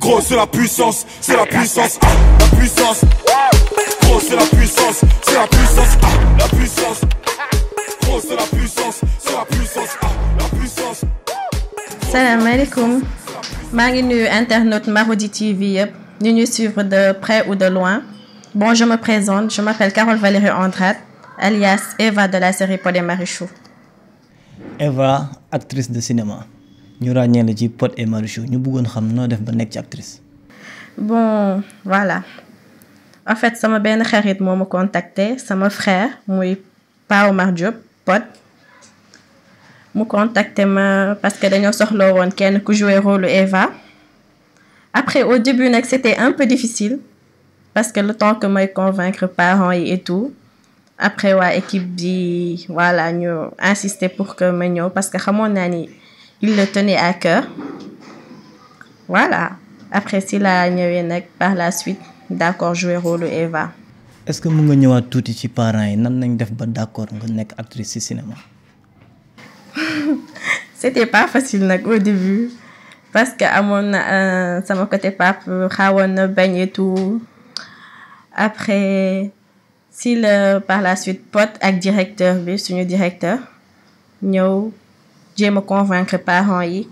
Gros, c'est la puissance, c'est la puissance, ah, la puissance. Gros, c'est la puissance, c'est la puissance, ah, la puissance. Gros, c'est la puissance, c'est la puissance, ah, la puissance. Salam alaikum. Magnu nuyu internaute Marodi TV Nous nous suivre de près ou de loin bon je me présente je m'appelle Carole Valérie Andrade alias Eva de la série Paul et Marichou Eva actrice de cinéma ñu ci et Marichou ñu actrice. bon voilà en fait sama me xarit ma contacté sama frère muy Omar Diop Pod contacté parce que dañu soxlo kenn ku jouer rôle Eva. après au début c'était un peu difficile parce que le temps que moi convaincre parents et tout après l'équipe équipe dit, voilà ñu insister pour que nous, parce que il le tenait à cœur voilà après si la ñëwee par la suite d'accord jouer le rôle Eva. est ce que vous nga tout tuuti ci parents Vous nan nañ def ba d'accord, actrice cinéma. C'était pas facile nak au début parce que mon ça m'a pas pas xaawoon na et tout après si par la suite pote avec directeur bi suñu directeur ñëw jéem me convaincre parents yi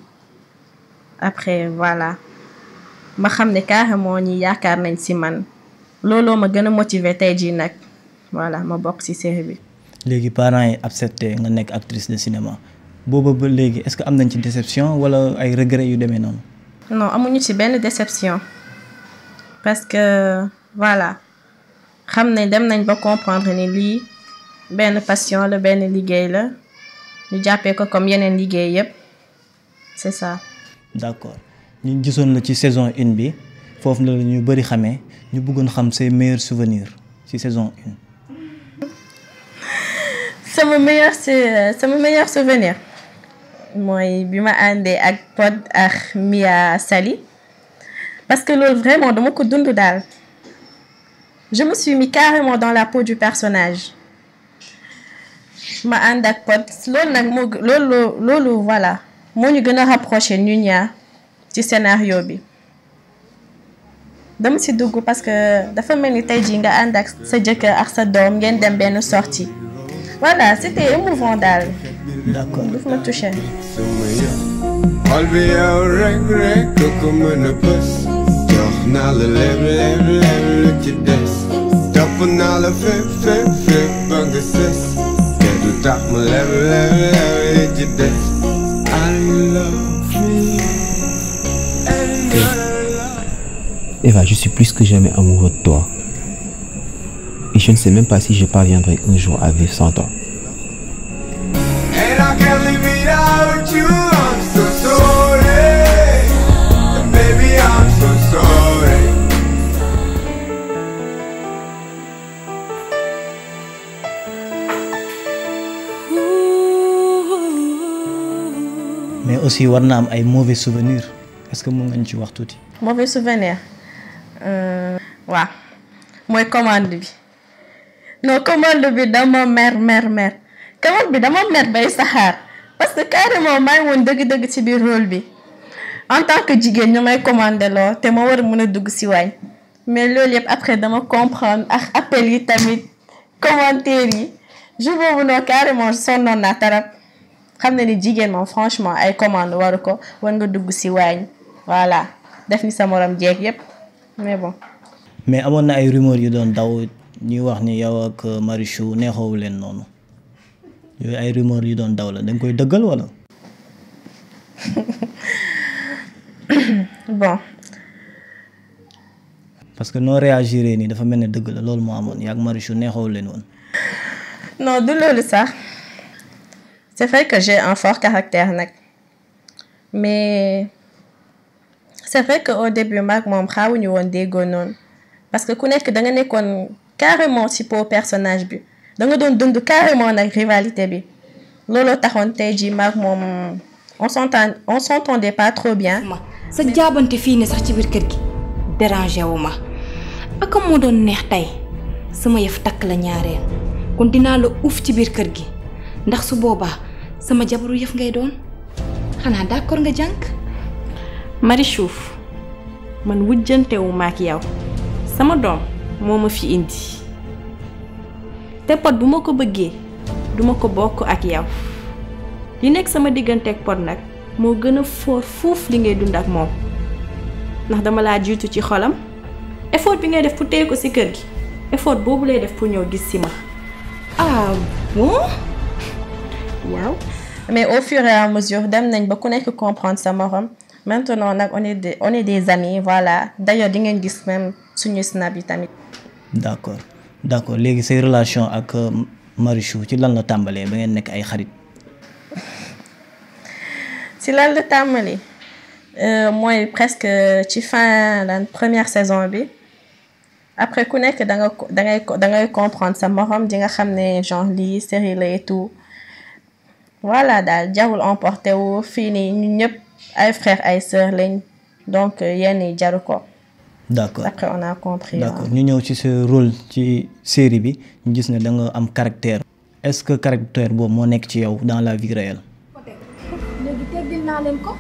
après voilà ma xam ne carrément ñi yaakaar nañ ci man Lolo ma gëna motivé motiver tey jii voilà ma bok ci série bi. légui parents yi accepté nga nek actrice de cinéma booba ba léegi est-ce que am nañ ci déception wala ay regrets yu démé non non amuñu ci ben déception parce que voilà xamné dem nañ ba comprendre ni li ben passion le ben liguey la ñu jàppee ko comme yeneen liggéey yëpp c'est ça. d'accord ñu gisoon la ci saison une bi foofu la ñu bëri xamee ñu bëggoon xam say meilleurs souvenirs ci saison une. sama meilleur sama meilleur souvenir mooy bi ma àndee ak Pod ak Mia Sali parce que loolu vraiment dama ko dund daal je me suis mis carrément dans la peau du personnage ma ànd ak pot loolu nak moo loolu loolu voilà mo ñu gëna rapprocher rapproché ñu ñaar ci scénario bi dama ci dugg parce que dafa mel ni tey jii nga ànd ak sa jëkkër ak sa doom ngeen dem benn sortie voilà c'était émouvant daal. d'accord daf ma touché. xol bi yow rek rek doo ko mën a bës jox naa la lépp lépp lépp lu ci des topp naa la fépp fépp fépp ba nga sës. Eva, je suis plus que jamais amoureux de toi. Et je ne sais même pas si je parviendrai un jour à vivre sans toi. aussi warna am ay mauvais souvenir est-ce que mon nga ci wax touti mauvais souvenir euh, wa moy commande bi non commande bi dama mère, mère. mer commande bi dama mer bay saxaar parce que carrément may ngi woon dëgg ci bi rôle bi en tant que jigen ñu may commandé lo té ma war mëna dugg ci wañ mais lool yépp après dama comprendre ak appel yi tamit commentaire yi je mon noonu carrément son nom. xam na ni jigéen moom franchement ay commande waru ko war nga dugg si waañ voilà def ni sa morom jeeg yépp mais bon. mais amoon na ay rumeur yu doon daw ñuy wax ni yow ak euh, Marichou neexoowu leen noonu yooyu ay rumeur doon daw la dañ koy dëggal que noo réagiré dafa mel ne dëgg loolu moo amoon yaa ak leen woon. non du loolu sax. C'est vrai que j'ai un fort caractère nag. Mais c'est vrai qu'au début, mag moom xaawuñu woon déggoo noonu parce que ku nekk da nga carrément ci peau personnage bi da nga doon dund carrément nag rivalité bi lolo taxone tay ji mag mom on s'entend on s'entendait pas trop bien. sa jaabante fi ne sax ci bir kër gi dérangé wu ak mo doon neex tay sama yef tak la ñaare kon dina la ouf ci bir kër gi ndax su boba sama jabaru yëf ngay doon xanaa d'accord nga jànk Marichouf man wujjantewu maak yow sama doom moo ma fi indi te pot bu ma ko bëggee duma ko bokk ak yow li nekk sama diggante ak pot nag moo gën a foor fuuf li ngay dund ak moom ndax dama laa jiitu ci xolam effort bi ngay def pour téye ko ci kër gi effort boobu lay def pour ñëw gis si ma ah bon mais au fur et à mesure dem nañ ba ku nekk comprendre sa morom maintenant nak on est des on est des amis voilà d'ailleurs di ngeen gis même suñu snap yi tamit. d'accord d'accord légui say relation ak euh, Marichou ci lan la tambalé ba ngeen nekk ay xarit. ci lan la euh, moi presque ci fin la première saison bi. après ku nekk da nga da nga comprendre sa morom di nga xamné genre lii série et tout voilà daal jarul emporté wu fini nii ñu ñëpp ay frères ay sœurs lañ donc euh, yenn yi jaru ko. d' après on a compris. Hein. d' ñu ñëw ci ce rôle ci série bi ñu gis ne da nga am caractère. est ce que caractère bo mo nekk ci yow dans la vie réelle. léegi teggil na leen ko.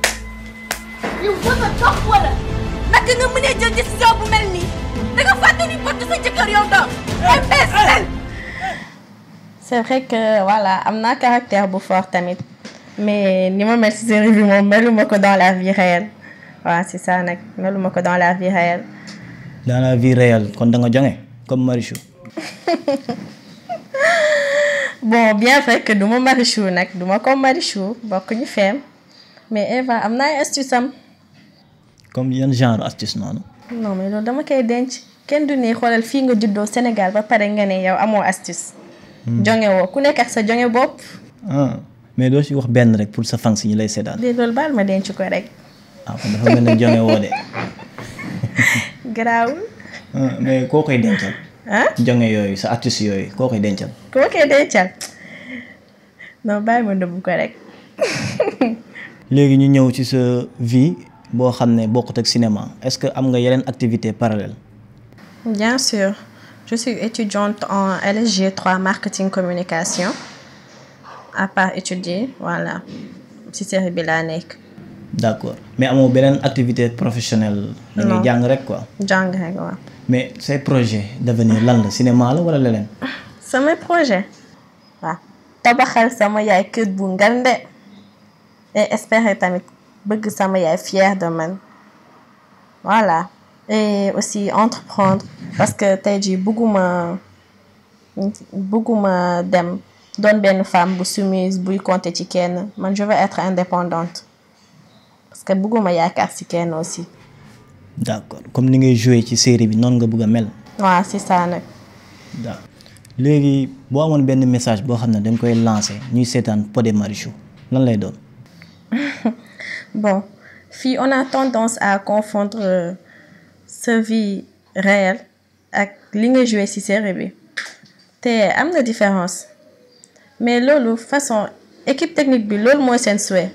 yow bëgg a toog wala. naka nga mëne jël décision bu melni da nga fàtte ni bëtt sa jëkkër yow doom. imbécile C'est vrai que, voilà, on a un caractère beau fort, Tamit. Mais, ni moi, mais si c'est revenu, moi, mais le moi dans la vie réelle. Voilà, c'est ça, mais le moi dans la vie réelle. Dans la vie réelle, quand on a comme Marichou. bon, bien vrai que duma Marichou, nak, moi comme Marichou, bon que de femmes. Mais Eva, on a une astuce hein comme yan genre astuce non non mais loolu dama koy denc kenn du ne xoolal fii nga juddoo Sénégal ba gagner y a un mot astuce. Hmm. jonge wo ku nekk ak sa ah, mais doo ci wax benn rek pour sa si lay de loolu ma denc ko rek. ah dafa mel ni jonge woo de. garaawul. Ah, mais koo koy dencal. Ah? jonge yooyu sa artiste yooyu koo koy dencal. koo koy dencal non bàyyi ma ko rek. léegi ñu ñëw ci sa vie boo xam cinéma est-ce que am nga yeneen activité parallèle bien sûr. Je suis étudiante en LSG3 marketing communication. à part étudier voilà Si c'est bi d'accord mais amoo beneen activité professionnelle. Non. ngay jàng rek quoi. Mais c'est waaw. mais c'est projet d'avenir lan le cinéma ou wala C'est samay projet waaw tabaxal sama yaay kër bu ngande et espérer tamit bëgg sama yaay fier de moi. voilà et aussi entreprendre parce que tey jii bëgguma bëgguma dem donne bien femme bu soumise buy compter ci kenn man je veux être indépendante parce que bëgguma yaakaar ci kenn aussi. d'accord comme ni ngay joué ci série bi non nga bëgg mel. waaw c'est ça nag. waaw léegi boo amoon benn message bo xam dang koy lancer ñuy sétane pot de Marichou lan lay doon. bon fi on a tendance à confondre. Euh, sa vie réelle ak li nga joué ci série bi té am na différence mais lolu façon équipe technique bi lolu mooy sen souhait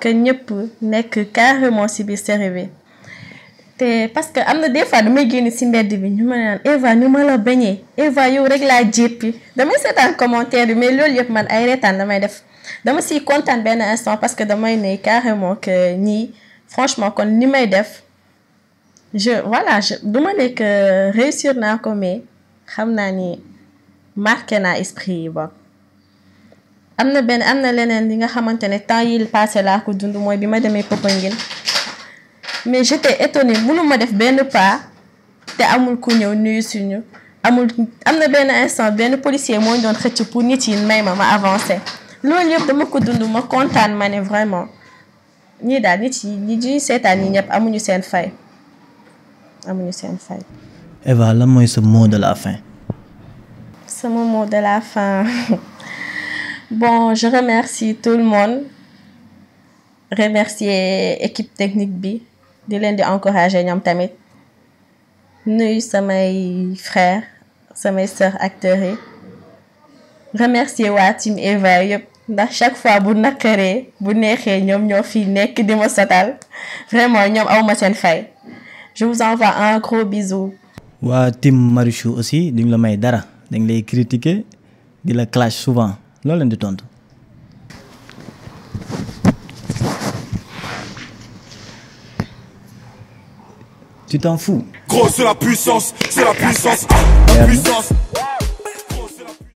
que ñëpp nek carrément ci bi série bi té parce que am na des fois damay génn ci mbéd bi ñu ma naan Eva ñu ma la baigné Eva yow rek laa jéppi damay seetaan commentaire mais lolu yëpp man ay reetaan damay def dama si contente ben instant parce que damay né carrément que ni franchement kon ni may def je voilà je demandais que réussir n'a comme mais je ni marqué esprit li nga xamantene ne passé la ko dund moy bi ma mais j'étais étonnée ne def ben pas té amul ku nuyu suñu amul amna ben instant ben policier moo doon pour nit yi ma avancé dama ko dund ma vraiment ni da nit yi ñi amuñu amuñu seen fay. Eva lan mooy ce mot de la fin. Ce mot de la fin bon je remercie tout le monde remercier équipe technique bi di leen di encourager ñoom tamit nuyu samay frère samay sœurs, acteurs yi remercier waa team Eva yëpp. ndax chaque fois bu naqaree bu neexee ñoom ñoo fi nekk di ma satal vraiment ñoom aw ma seen fay. Je vous envoie un gros bisou. Watim team Marichou aussi duñ la may dara Ding lay critiquer di la clash souvent loolu di tu t'en fous. Gros, c'est la puissance, c'est la puissance, la puissance.